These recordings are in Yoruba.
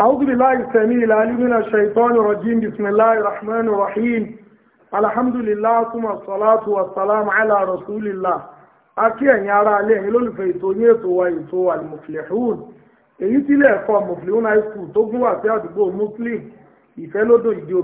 أعوذ بالله السميع العليم من الشيطان الرجيم بسم الله الرحمن الرحيم الحمد لله ثم الصلاة والسلام على رسول الله akí ẹ̀yin ará alẹ́ ẹ̀yin lólùfẹ́ ètò yín ètò wa ètò al-muflihun èyí tí ilé ẹ̀kọ́ muflihun high school tó gún wà sí àdúgbò muslim ìfẹ́lódò ìdí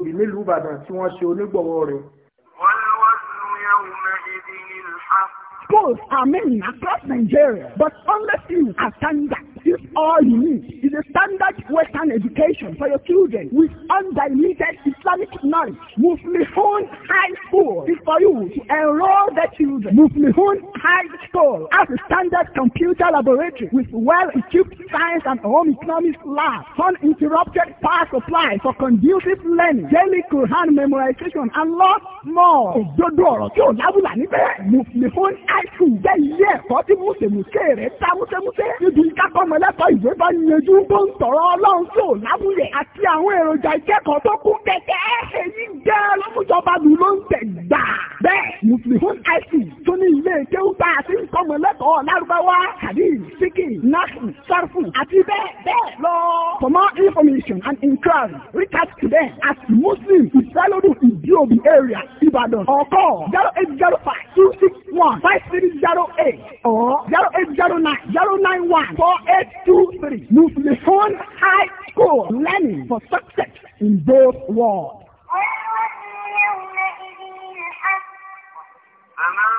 are many across Nigeria, but unless you are standard give all you need is a standard Western education for your children with undiluted Islamic knowledge. Muflihun High School is for you to enroll the children. Muflihun High School has a standard computer laboratory with well-equipped science and home economics labs, uninterrupted power supply for conducive learning, daily Quran memorization, and lots more. Òdodo ọ̀rọ̀ tí ò lábùlà níbẹ̀. Muflihun High School jẹ́ ilé ẹ̀kọ́ tí Mùsèmùsè rẹ̀ ta Mùsèmùsè. Níbi ìkákọ́ ọmọ ẹlẹ́kọ̀ọ́ ìwé bá yanjú tó ń tọ̀rọ̀ ọlọ́run tó lábúyẹ̀ àti àwọn èròjà ìkẹ́kọ̀ọ́ tó kún kẹ̀kẹ́ èyí jẹ́ lọ́mújọba lù ló ń tẹ̀ gbà. bẹ́ẹ̀ muslim ic tó ní ilé kéwúta àti ìkọ́mọ lẹ́kọ̀ọ́ lárúbáwá hadith siki nahu sarfu àti bẹ́ẹ̀ bẹ́ẹ̀ lọ. for more information and inquiry reach out to them at muslim ìfẹ́lódù ìdíòbí area ìbàdàn or call zero eight zero five two six one five three zero eight or zero eight zero nine zero nine one four eight two, three. Muflihun High School. Planning for success in both worlds. فمن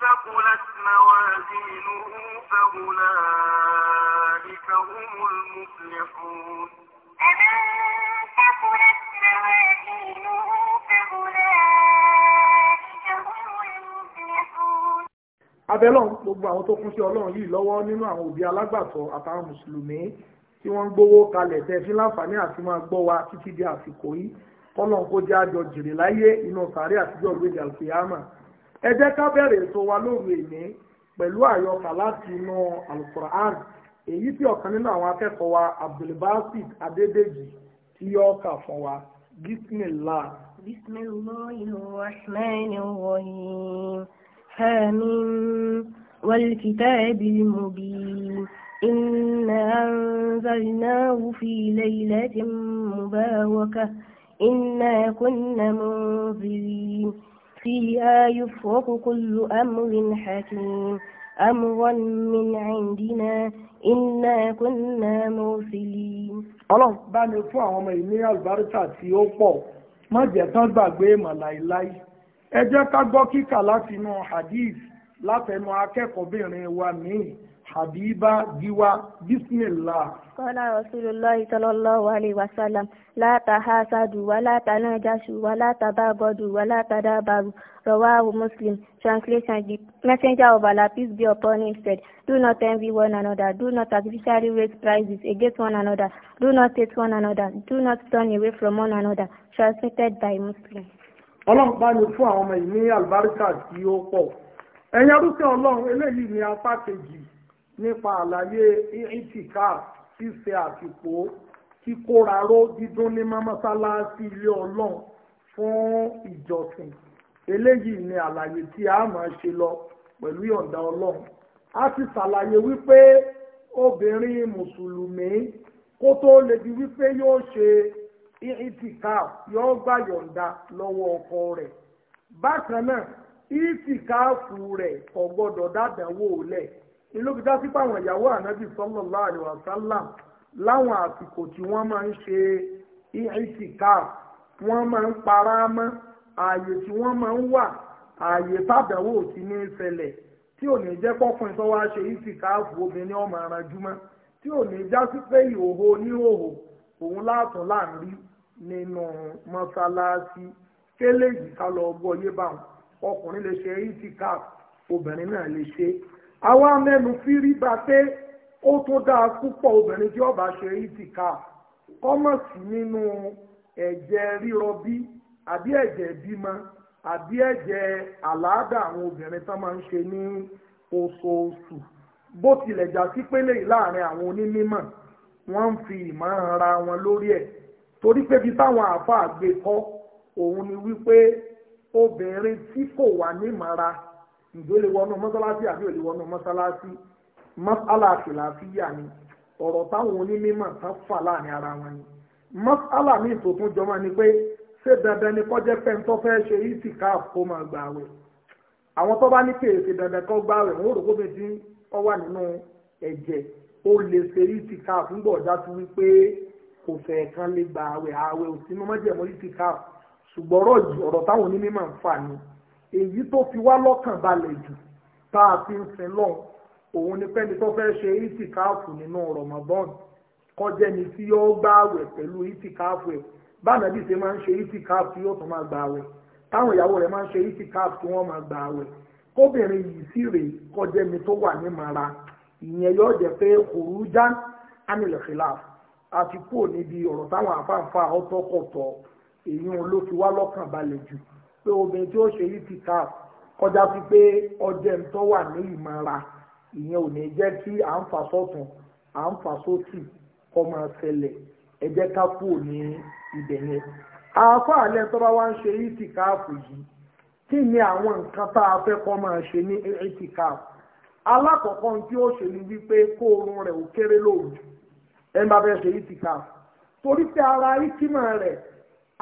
ثقلت موازينه فأولئك هم المفلحون فمن ثقلت موازينه abẹ́lọ́n gbogbo àwọn tó kún sí ọlọ́run yìí lọ́wọ́ nínú àwọn òbí alágbàtọ́ àtàwọn mùsùlùmí tí wọ́n ń gbowó kalẹ̀ tẹ́ fi láǹfààní àti máa gbọ́ wa títí di àsìkò yìí kọ́lọ́n kó jẹ́ àjọ jèrè láyé inú sàárẹ̀ àtijọ́ ìgbéjà àlùkìyàmà ẹ jẹ́ ká bẹ̀rẹ̀ ètò wa lóru èní pẹ̀lú àyọkà láti inú alukur'an èyí tí ọ̀kan nínú àwọn akẹ́kọ̀ọ́ wa abdulbasit adédèjì tí yọ kà fún wa bismillah. bismillahir rahmanir rahim. حامين والكتاب المبين إنا أنزلناه في ليلة مباركة إنا كنا منذرين فيها يفرق كل أمر حكيم أمرا من عندنا إنا كنا مرسلين الله. بعد ní fún àwọn ọmọ ìní àlùbáríkà tí ó pọ̀ má jẹ́ tán ẹ ká gbọ́ kíkà látinú hadith látẹnu akẹ́kọ̀ọ́bìnrin wa míì Habiba Giwa bismillah. Kọ́lá Rasulullah sallallahu alaihi wasallam látàhásádù wà látànájàṣù wà látàbábọ́dù wà látàdábàrù rawahu Muslim translation the messenger of Allah peace be upon him said do not envy one another do not artificially raise prices against one another do not hate one another do not turn away from one another transmitted by Muslim ọlọ́run bá ní fún àwọn ọmọ yìí ní àlùbáríkà tí ó pọ̀ ẹ̀yin arúgbó ọlọ́run eléyìí ni apá kejì nípa àlàyé ìtìká ṣíṣe àsìkò kíkóraró dídún ní mọ́mọ́sálásí ilé ọlọ́run fún ìjọsìn eléyìí ni àlàyé tí a máa ṣe lọ pẹ̀lú ìyọ̀ǹda ọlọ́run a ti ṣàlàyé wípé obìnrin mùsùlùmí kó tó lè di wípé yóò ṣe itikaf yóò gbà yọ̀ǹda lọ́wọ́ ọkọ rẹ̀ bákan náà itikafu rẹ̀ kò gbọ́dọ̀ dádàwó lẹ̀ ìlú bíi àwọn ìyàwó ànábì sallallahu alaihi wasallam láwọn àsìkò tí wọ́n máa ń ṣe itikaf wọ́n máa ń para mọ́ ààyè tí wọ́n máa ń wà ààyè tàdánwò tí ní ṣẹlẹ̀ tí ò ní jẹ́ pọ́kùnrin tó ṣe itikaf obìnrin ọmọ aranjúmọ́ tí ò ní jásí pé ìhòhò oníhòhò òun láàtún láàrí nínú mọ́sálásí kélé yìí ká lọ gbọ́ yé báwọn ọkùnrin lè ṣe itikaf obìnrin náà lè ṣe àwa mẹ́nu fírí bá pé ó tó dáa púpọ̀ obìnrin tí ó bá ṣe itikaf kọ́mọ̀sí nínú ẹ̀jẹ̀ rírọbí àbí ẹ̀jẹ̀ bímọ àbí ẹ̀jẹ̀ àlàádà àwọn obìnrin tán máa ń ṣe ní oṣooṣù bó tilẹ̀ jà sí pélé yìí láàrin àwọn onímọ̀ wọ́n ń fi ìmọ̀ ara wọn lórí ẹ̀ torí pé bí táwọn àáfàá gbé kọ́ òun ni wípé obìnrin tí kò wà nímọ̀ra ǹjọ́ lè wọnú mọ́sálásí àbí ò lè wọnú mọ́sálásí mọ́sálà àfìlàfíyà ni ọ̀rọ̀ táwọn onímọ̀ tán fà láàrin ara wọn ni mọ́sálà míì tó tún jọmọ́ ni pé ṣé dandan ni kọ́jẹ́ pé ń tó fẹ́ ṣe itikaf kó máa gbààwẹ̀ àwọn tó bá ní kèèṣe dandan kó gbààwẹ̀ wọn ò rò o lè ṣe itikaf ń bọ̀ dájú wípé kò fẹ́ kan lè gba àwẹ̀ àwẹ̀ o sínú mọ́jẹ̀mọ́ itikaf ṣùgbọ́n ọ̀rọ̀ yìí ọ̀rọ̀ táwọn onímọ̀ ń fà ní èyí tó fi wá lọ́kàn balẹ̀ jù tá a fi ń sin lọ́n òun ni pẹ́ni tó fẹ́ ṣe itikaf nínú Ramadan kọjá ni tí yóò àwẹ̀ pẹ̀lú ṣe máa ń ṣe tí yóò tún máa gba àwẹ̀ táwọn ìyàwó rẹ̀ máa ń ṣe tí wọ́n máa gba àwẹ̀ ìyẹn yóò jẹ́ pé khurujan anil khilaf àti kúrò níbi ọ̀rọ̀ táwọn afáfá ọ̀tọ̀kọ̀tọ̀ èyí ló fi wá lọ́kàn balẹ̀ jù pé obìnrin tí ó ṣe yìí ti ta kọjá sí pé ọjọ́ ń tọ́ wà ní ìmọ̀ra ìyẹn ò ní jẹ́ kí à ń fà sọ́tún à ń fà sósì kọ́ máa ṣẹlẹ̀ ẹ ká kúrò ní ibẹ̀ yẹn. àáfàá lẹ tó bá wá ń ṣe ìtìkáàfù yìí kí ni àwọn nǹkan tá a fẹ́ kọ́ máa ṣe ní ìtìkáàfù alákọ̀ọ́kọ́ tí ó ṣe ni wípé kó oorun rẹ̀ ò kéré lóru ẹni bá fẹ́ ṣe yìí ti kà torí pé ara ìkímọ̀ rẹ̀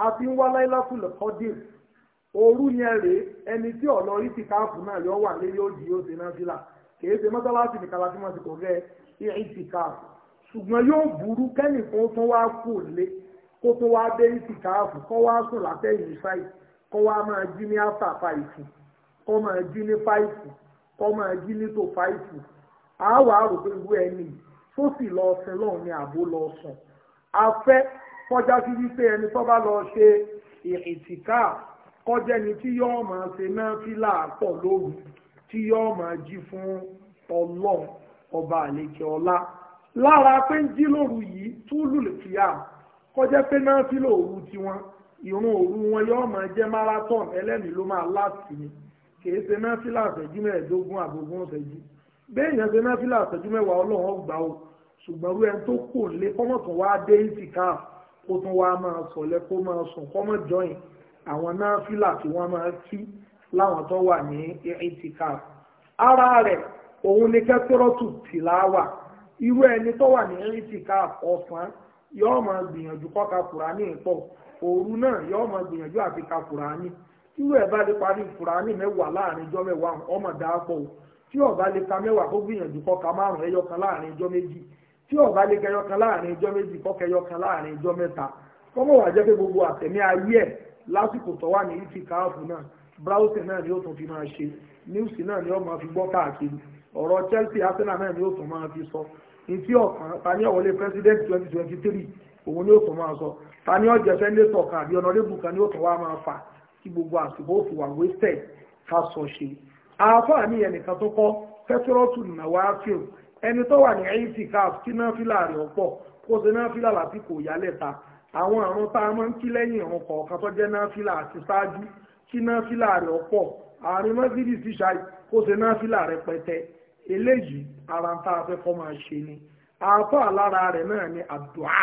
àti ń wá láìláfùlẹ̀ kọ́dìr òru yẹn rèé ẹni tí ọ̀lọ́ yìí ti káàfù náà yọ wà lé yóò jí yóò ṣe náà sílà kìí ṣe mọ́sálásì nìkan láti mọ̀ sí kò gẹ́ yìí ti kà ṣùgbọ́n yóò burú kẹ́nìkan tó wá kù lé kó tó wá dé yìí ti káàfù kó wá sùn látẹ̀yìn tó máa jí ní tó fáìfù àáwá rò pé irú ẹni tó sì lọ sin lọ́hùn ni àbó lọ sùn afẹ́ kọjá sí wípé ẹni tó bá lọ ṣe ìrìntìká kọjá ẹni tí yóò máa ṣe náà fílà pọ̀ lóru tí yóò máa jí fún ọlọ́run ọba àlejò ọlá lára pé ń jí lóru yìí túlù kìá kọjá pé náà fílà òru tiwọn ìrun òru wọn yóò máa jẹ́ marathon ẹlẹ́mìí ló máa láti ni kìí ṣe náfìlà àfẹ̀jú mẹ́ẹ̀ẹ́dógún àgbógún ọ̀fẹ̀jú béèyàn ṣe náfìlà àfẹ̀jú mẹ́wàá ọlọ́run ọgbà o ṣùgbọ́n irú ẹni tó kò lé kọ́mọ̀ tó wá dé ìtìká kó tún wá máa sọ̀lẹ̀ kó máa sùn kọ́mọ̀ jọyìn àwọn náfìlà tí wọ́n máa kí láwọn tó wà ní ìtìká ara rẹ̀ òun ni kẹ́tọ́rọ́tù tìláwà irú ẹni tó wà ní ìtìká ọ̀sán yóò máa gbìyànjú kó ka pọ̀ òru náà yóò máa gbìyànjú àti ka Kùránì tíwọ́ ẹ̀ bá lè parí ìfúrání mẹ́wàá láàrin ijọ́ mẹ́wàá ọmọ dàápọ̀ o tí ó bá lè ka mẹ́wàá kó gbìyànjú kó ka márùn ẹyọ kan láàrin ijọ́ méjì tí ó bá lè kẹyọ kan láàrin ijọ́ méjì kó kẹyọ láàrin ijọ́ mẹ́ta kọ́mọ̀ wà jẹ́ pé gbogbo àtẹ̀mí ayé ẹ̀ lásìkò tó wà ní ìtì káàfù náà bráùsì náà ni ó tún fi máa ṣe níwùsì náà ni ó máa fi gbọ́ káàkiri ọ̀rọ̀ Chelsea Arsenal náà ni ó tún máa fi sọ ní president twenty twenty three òun ni ó tún máa sọ ni ó tún wá máa tí gbogbo àsìkò òfin wà wasted fásọ ṣe àáfàá ní ẹnìkan tó kọ́ pẹ́tírọ́tù nàwáfíù ẹni tó wà ní itikaf kí náà fílà rẹ̀ ọ̀pọ̀ kó ṣe náà fílà lásìkò ìyálẹ̀ta àwọn àrùn tá a máa ń kí lẹ́yìn ìrun kọ̀ọ̀kan tó jẹ́ náà fílà àti ṣáájú kí náà fílà rẹ̀ ọ̀pọ̀ àárín mọ́sídìí sì ṣáì kó ṣe náà fílà rẹpẹtẹ eléyìí ara ń tá a fẹ́ kọ́ máa ṣe ni àáfàá lára rẹ̀ náà ni àdúà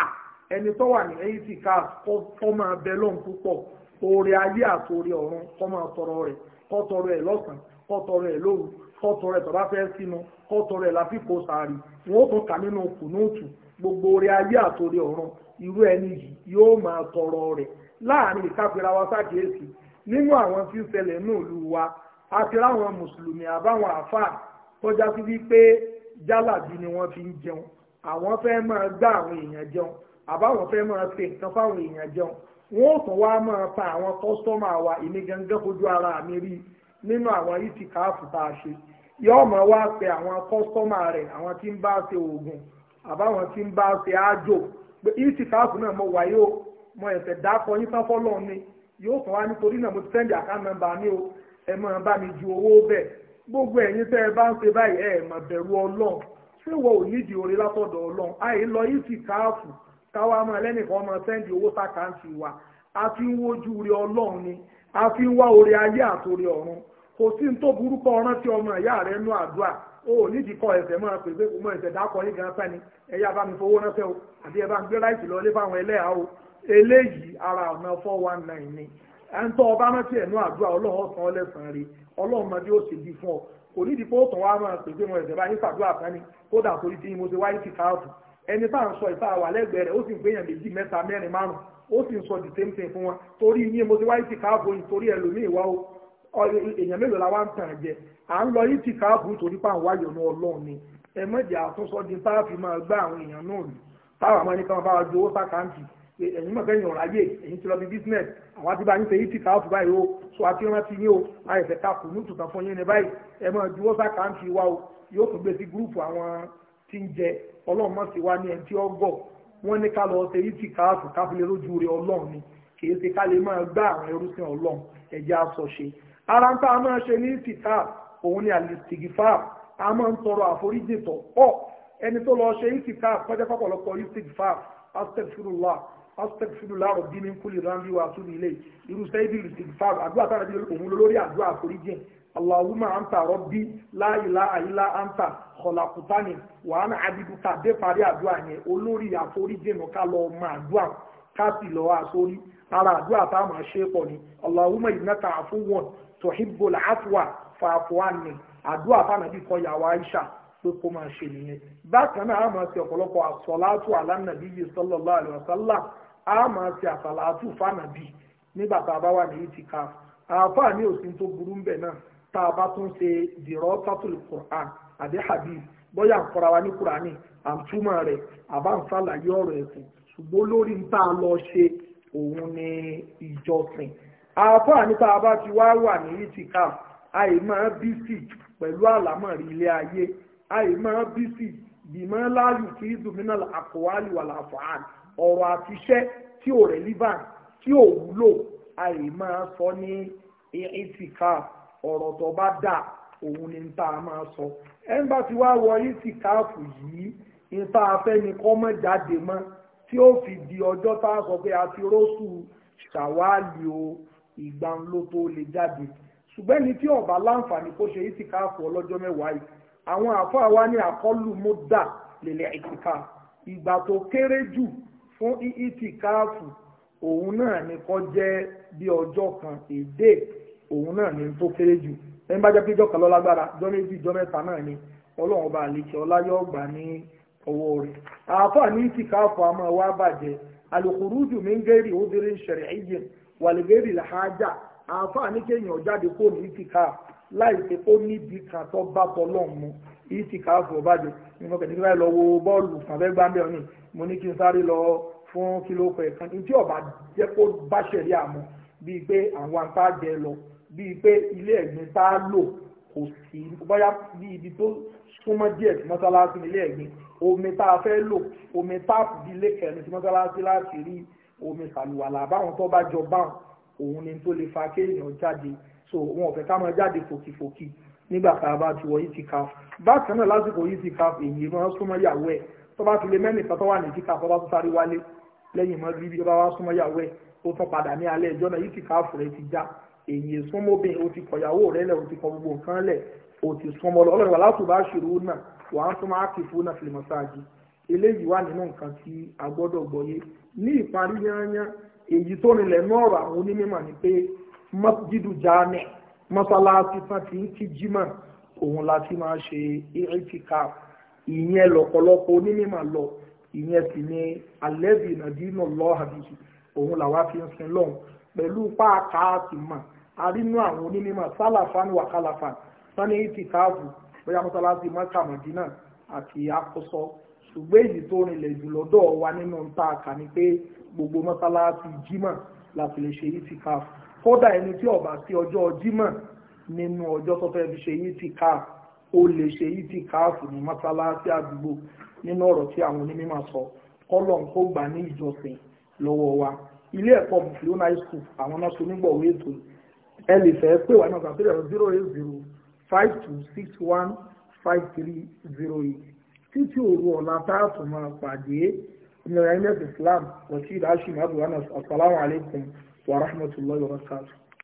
ẹni tó wà ní itikaf kọ́ oore ayé àtòore ọ̀run kọ́ máa tọrọ rẹ̀ kọ́ tọrọ ẹ̀ lọ́sàn kọ́ tọrọ ẹ̀ lóru kọ́ tọrọ ẹ̀ tọ́ba fẹ́ sínú kọ́ tọrọ ẹ̀ lásìkò sàárì wọn ó tún kà nínú kùnúùtù gbogbo oore ayé àtòore ọ̀run irú ẹni yìí yóò máa tọrọ rẹ̀ láàrin ìkápẹ́ra wa sákèésì nínú àwọn tí ń ṣẹlẹ̀ ní ìlú wa àti láwọn mùsùlùmí àbáwọn àáfàá tọ́já sí wípé jálàbí ni wọ́n fi ń jẹun àwọn fẹ́ máa gbá àwọn èèyàn jẹun àbáwọn fẹ́ máa ṣe nǹkan fáwọn èèyàn jẹun wọ́n tún wá máa ta àwọn kọ́sítọ́mà wa ìní gangan fojú ara mi rí nínú àwọn ìtì káàfù tá a ṣe yóò máa wá pe àwọn kọ́sítọ́mà rẹ̀ àwọn tí ń bá ṣe oògùn àbáwọn tí ń bá ṣe ájò pé ìtì káàfù náà mo wáyé o mo ẹ̀sẹ̀ dákọ yín sáfọ́ lọ ni yóò tún wá nítorí náà mo ti sẹ́ndì àkáǹtì nọ́mbà ní o ẹ máa bá mi ju owó bẹ́ẹ̀ gbogbo ẹ̀yin tẹ́ ẹ bá ń ṣe báyìí ẹ máa bẹ̀rù ọlọ́run ṣé wọ́n ò nídìí oore látọ̀dọ̀ ọlọ́run àì lọ ìtì káàfù káwa máa lẹ́nìkan ọmọ sẹ́ndì owó sàkáǹtì wa a fi ń wojú rẹ ọlọ́run ni a fi ń wá orí ayé àtòrí ọ̀run kò sí ní tó burúkọ ọ̀rán tí ọmọ ìyá rẹ nú àdúrà o ò nídìí kọ ẹsẹ̀ máa pè pé mọ ẹsẹ̀ dákọ̀ yín gan sani ẹ̀yà bá mi fowó ránṣẹ́ o àbí ẹ bá ń gbé láìsí lọ lé fáwọn ẹlẹ́yà o eléyìí ara ọ̀nà four one nine ni ẹ̀ńtọ́ ọba rántí ẹ̀nú àdúrà ọlọ́run ọ̀sán ọlẹ́sàn rí ọlọ́run máa bí ó ṣe bí fún ọ kò nídìí pé ó tàn wá máa pè pé mọ ẹsẹ̀ bá yín fàdúrà sani kódà torí tí mo ṣe wáyé ti káàbù ẹni tá à ń sọ ìta àwà lẹ́gbẹ̀ẹ́ rẹ̀ ó sì ń gbéyàn méjì mẹ́ta mẹ́rin márùn ó sì ń sọ the same thing fún wọn torí yín mo ti wá ìtì káàbù yìí torí ẹlòmíì wá o èèyàn mélòó la wá ń tàn jẹ à ń lọ ìtì káàbù torí pà ń wáyọ̀ ọlọ́run ni ẹ mọ̀jẹ̀ àtúnṣọ́ di táàfin máa gbá àwọn èèyàn náà lù táwọn àmọ́ ní káwọn bá wa ju owó sàkáǹtì ẹ̀yin mọ̀ kẹ́yìn ọ̀rọ̀ ẹ̀yin ti lọ bí business àwọn àti bá yín ṣe yìí ti kà áfù báyìí o so àti rántí yín o àìfẹ́ ká kù ní tùtàn fún yín ní báyìí ẹ máa juwọ́ sákàǹtì wa o yóò tún gbé sí gúrùpù àwọn tí ń jẹ ọlọ́run mọ̀ sí wa ní ẹni tí ó gọ̀ wọ́n ní ká lọ ṣe ìtì káàfù káfílẹ̀ lójú rẹ ọlọ́run ni kì í ṣe ká lè máa gbá àwọn ẹrúsìn ọlọ́run ẹ̀jẹ̀ aṣọ ṣe ara ń tá a máa ṣe ní ìtì káà òun ni àlìsìgìfà a máa ń tọrọ àforíjì tọ̀ ọ́ ẹni tó lọ ṣe ìtì káà kọjá ìtìgìfà astagfirullah astagfirullah rabbi min kulli dhanbi wa atubu ilayh irú sẹ́yìn bí ìtìgìfà àdúrà tára bí اللهم أنت ربي لا إله إلا أنت خلقتني وأنا عبدك dé parí àdúrà yẹn olórí àforíjìnà ká lọ ọmọ àdúrà ká sì lọ àsórí ara àdúrà tá a máa ṣe pọ̀ ni اللهم إنك عفو تحب العفو فاعف عني àdúrà fànàbí kan yàwó Aisha pé kó máa ṣe nìyẹn bákan náà a máa ṣe ọ̀pọ̀lọpọ̀ àsọ̀látù alánàbí sallallahu alaihi wasallam a máa ṣe àsàlátù fànàbí nígbà tá a bá wà ní ìtìkáfù àáfàá ní òsín tó burú ń bẹ̀ náà tá a bá tún ṣe dìrọ́ tátùlù quran àbí hadith bóyá àkọ́ra wa ní kúránì àtúmọ̀ rẹ̀ àbá ń ṣàlàyé ọ̀rọ̀ ẹ̀sìn ṣùgbọ́n lórí ń tá a lọ ṣe òun ni ìjọsìn àáfàá nípa bá ti wá wà ní ìtìká àì máa bísì pẹ̀lú àlámọ̀rí ilé ayé àì máa bísì bímọ láàyò kí ìdùnnà àkọ́wálì wà láfàán ọ̀rọ̀ àtiṣẹ́ tí ò relevant tí ò wúlò àì máa sọ ní ìtìká ọ̀rọ̀ tó bá dà òun ni tá a máa sọ ẹnba tí wàá wọ yìí ti káàfù yìí nípa afẹ́ni kọ́ mọ́ jáde mọ́ tí ó fi di ọjọ́ tá a sọ pé a ti rọ́ṣù ṣàwáàlì o ìgbà tó lè jáde ṣùgbọ́n ní tí ọ̀bá láǹfààní kó ṣe yìí káàfù ọlọ́jọ́ mẹ́wàá yìí àwọn àfáà wa ní àkọlù múdà lèlẹ̀ ìtìká ìgbà tó kéré jù fún ìtìkáàfù òun náà ni kó jẹ́ bí ọjọ́ kan èdè òun náà ni tó kéré jù ẹni bá jẹ́ pé ìjọ kan ló lágbára ìjọ méjì ìjọ mẹ́ta náà ni ọlọ́run ọba àlejò ọláyọ̀ gbà ní ọwọ́ rẹ̀ àáfà ní ìtìkáàfọ̀ àmọ́ wa bàjẹ́ alùkùrújù mi ń gẹ́rì ó dérè ṣẹ̀rẹ̀ ẹ̀jẹ̀ wàlẹ́gẹ́rì làhájà àáfà ní kéèyàn jáde kó ní ìtìkáà láì pé ó níbi kan tó bá tọ́lọ́ mu ìtìkáàfọ̀ bàjẹ́ ní mo kẹ̀lé kíláyà lọ pé àwọn apá jẹ lọ bíi pé ilé ẹ̀gbin tá a lò kò sí bóyá bí ibi tó súnmọ́ díẹ̀ sí mọ́sálásí ní ilé ẹ̀gbin omi tá a fẹ́ lò omi táàpù bíi ilé kẹrin sí mọ́sálásí láti rí omi sàlùwàlà báwọn tó bá jọ báwọn òun ni tó lè fa kéèyàn jáde so wọn ò fẹ́ ká máa jáde fòkìfòkì nígbà tá a bá ti wọ itikaf bákan náà lásìkò itikaf èyí máa súnmọ́ yàwó ẹ̀ tó bá ti lè mẹ́rin kan tó wà ní itikaf tó bá tó sáré wálé lẹ́yìn mọ́ rí bí ó bá wá súnmọ́ yàwó ẹ̀ ó tún padà ní alẹ́ ìjọ́nà itikaf rẹ̀ ti já èyí súnmọ́bìn o ti kọ̀yàwó rẹ lẹ̀ o ti kọ gbogbo nǹkan lẹ̀ o ti súnmọ́ lọ ọlọ́run wàlá tó bá ṣòro náà wà á tún máa kì fún náà fìlẹ̀ mọ́sáàjì eléyìí wà nínú nǹkan tí a gbọ́dọ̀ gbọ́yé ní ìparí yányán èyí tó rinlẹ̀ ní ọ̀rọ̀ àwọn onímọ̀ ni pé masjidu jami mọ́sálásí tán ti ń kí jimá òun la ti máa ṣe itikaf ìyẹn lọ́pọ̀lọpọ̀ onímọ̀ lọ ìyẹn sì ni alẹ́bìnàdínà lọ́hàbìyì òun làwa fi ń sin lọ́hùn pẹ̀lú páàkà àti mọ̀ àrínú àwọn onímọ̀ sálàfán wà kálàfán sani eighty káàbù bóyá mọ́sálásí mọ́kàmọ́dí náà àti àkóso ṣùgbọ́n èyí tó rinlẹ̀ jù lọ́dọ̀ wa nínú ntaàkà ni pé gbogbo mọ́sálásí jímọ̀ láti lè ṣe eighty káàbù kódà ẹni tí ó bá sí ọjọ́ jímọ̀ nínú ọjọ́ tó fẹ́ fi ṣe eighty káàbù ó lè ṣe eighty káàbù ní mọ́sálásí àdúgbò nínú ọ̀rọ̀ tí àwọn onímọ̀ sọ kọ́lọ̀ ń kó gbà ní ìjọsìn lọ́wọ́ wa ilé ẹ̀kọ́ bufilona high school àwọn náà so nígbọ̀wé ètò ẹ lè fẹ́ pé wà náà kàtó ẹ̀rọ zero eight zero five two six one five three zero eight títí òru ọ̀la táàtù máa pàdé ìmọ̀ràn ilẹ̀ islam rashid hashim abdulhanas asalaamualeykum wa rahmatulahi wa barakatuh.